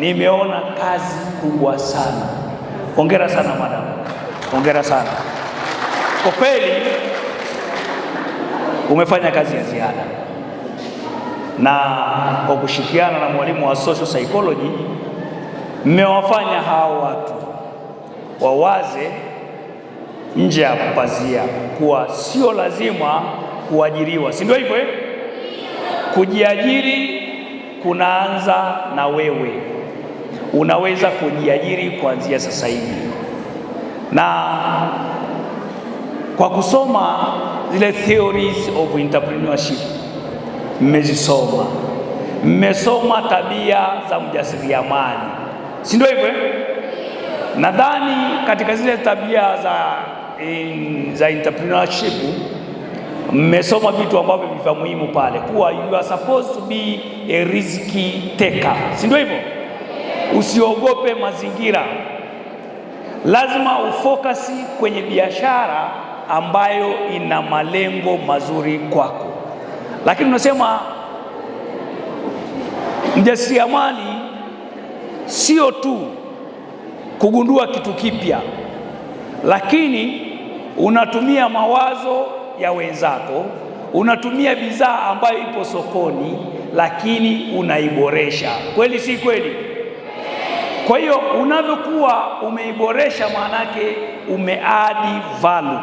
nimeona kazi kubwa sana. Hongera sana madam, hongera sana kwa kweli, umefanya kazi ya ziada, na kwa kushirikiana na mwalimu wa social psychology mmewafanya hao watu wawaze nje ya kupazia kuwa sio lazima kuajiriwa, si ndio hivyo eh? Kujiajiri kunaanza na wewe unaweza kujiajiri kuanzia sasa hivi, na kwa kusoma zile theories of entrepreneurship mmezisoma, mmesoma tabia za mjasiriamali, si ndio hivyo? Eh? Nadhani katika zile tabia za in, eh, za entrepreneurship mmesoma vitu ambavyo vivya muhimu pale, kuwa you are supposed to be a risk taker, si ndio hivyo? Usiogope mazingira, lazima ufokasi kwenye biashara ambayo ina malengo mazuri kwako. Lakini unasema mjasiriamali sio tu kugundua kitu kipya, lakini unatumia mawazo ya wenzako, unatumia bidhaa ambayo ipo sokoni, lakini unaiboresha. Kweli si kweli? Kwa hiyo unavyokuwa umeiboresha, maanake umeadi value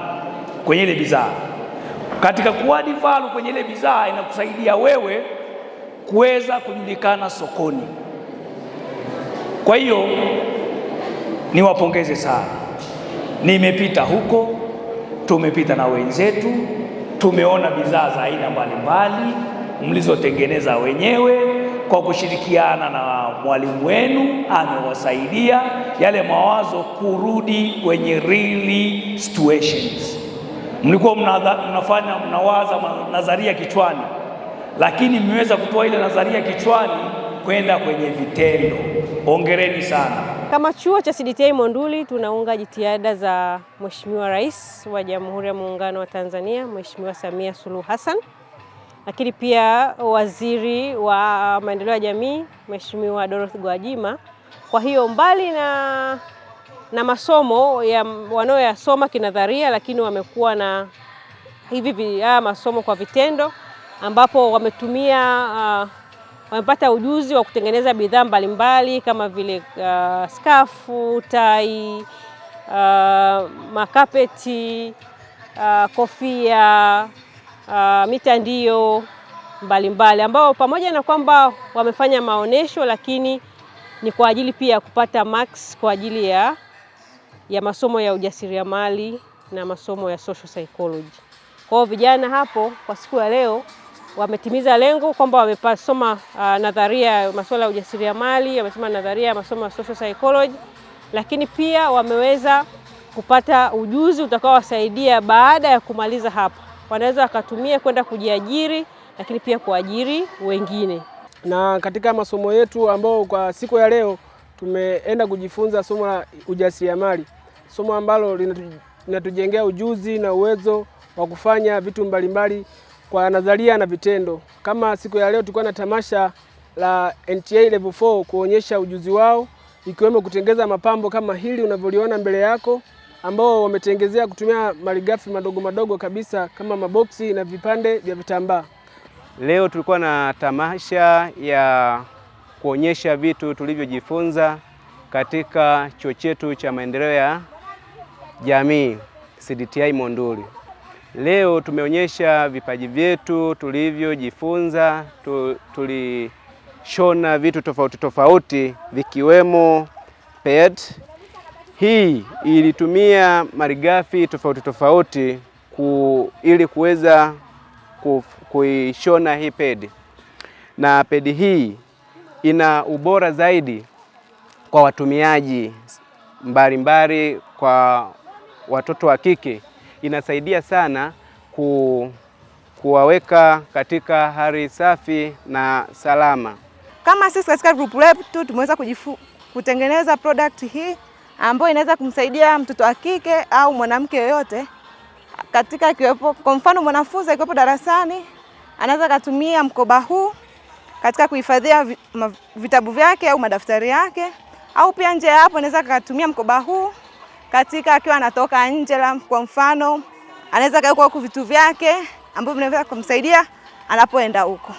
kwenye ile bidhaa. Katika kuadi value kwenye ile bidhaa, inakusaidia wewe kuweza kujulikana sokoni. Kwa hiyo niwapongeze sana, nimepita huko, tumepita na wenzetu, tumeona bidhaa za aina mbalimbali mlizotengeneza wenyewe kwa kushirikiana na mwalimu wenu amewasaidia yale mawazo kurudi kwenye real situations. Mlikuwa mnafanya mnawaza nadharia kichwani, lakini mmeweza kutoa ile nadharia kichwani kwenda kwenye vitendo. Hongereni sana. Kama chuo cha CDTI Monduli tunaunga jitihada za Mheshimiwa Rais wa Jamhuri ya Muungano wa Tanzania, Mheshimiwa Samia Suluhu Hassan lakini pia waziri wa maendeleo ya jamii Mheshimiwa Dorothy Gwajima. Kwa hiyo mbali na, na masomo ya wanaoyasoma kinadharia, lakini wamekuwa na hivi haya masomo kwa vitendo ambapo wametumia uh, wamepata ujuzi wa kutengeneza bidhaa mbalimbali kama vile uh, skafu, tai, uh, makapeti, uh, kofia uh, mitandio mbalimbali ambao pamoja na kwamba wamefanya maonesho lakini ni kwa ajili pia ya kupata max kwa ajili ya, ya masomo ya ujasiriamali na masomo ya social psychology. Kwa vijana hapo kwa siku ya leo wametimiza lengo kwamba wamesoma uh, ah, nadharia ya masuala ya ujasiriamali, wamesoma nadharia ya masomo ya social psychology, lakini pia wameweza kupata ujuzi utakaowasaidia baada ya kumaliza hapa wanaweza wakatumia kwenda kujiajiri, lakini pia kuajiri wengine. Na katika masomo yetu ambao kwa siku ya leo tumeenda kujifunza somo la ujasiriamali, somo ambalo linatujengea ujuzi na uwezo wa kufanya vitu mbalimbali kwa nadharia na vitendo. Kama siku ya leo tulikuwa na tamasha la NTA level 4 kuonyesha ujuzi wao ikiwemo kutengeza mapambo kama hili unavyoliona mbele yako ambao wametengezea kutumia malighafi madogo madogo kabisa kama maboksi na vipande vya vitambaa. Leo tulikuwa na tamasha ya kuonyesha vitu tulivyojifunza katika chuo chetu cha maendeleo ya jamii CDTI Monduli. Leo tumeonyesha vipaji vyetu tulivyojifunza, tulishona vitu tofauti tofauti vikiwemo pet hii ilitumia malighafi tofauti tofauti ku, ili kuweza kuishona hii pedi, na pedi hii ina ubora zaidi kwa watumiaji mbalimbali mbali, kwa watoto wa kike inasaidia sana ku, kuwaweka katika hali safi na salama. Kama sisi katika grupu letu tumeweza kutengeneza product hii ambayo inaweza kumsaidia mtoto wa kike au mwanamke yoyote katika kiwepo, kwa mfano mwanafunzi akiwepo darasani anaweza akatumia mkoba huu katika kuhifadhia vitabu vyake au madaftari yake, au pia nje ya hapo anaweza akatumia mkoba huu katika akiwa anatoka nje, kwa mfano anaweza kaweka huko vitu vyake ambavyo vinaweza kumsaidia anapoenda huko.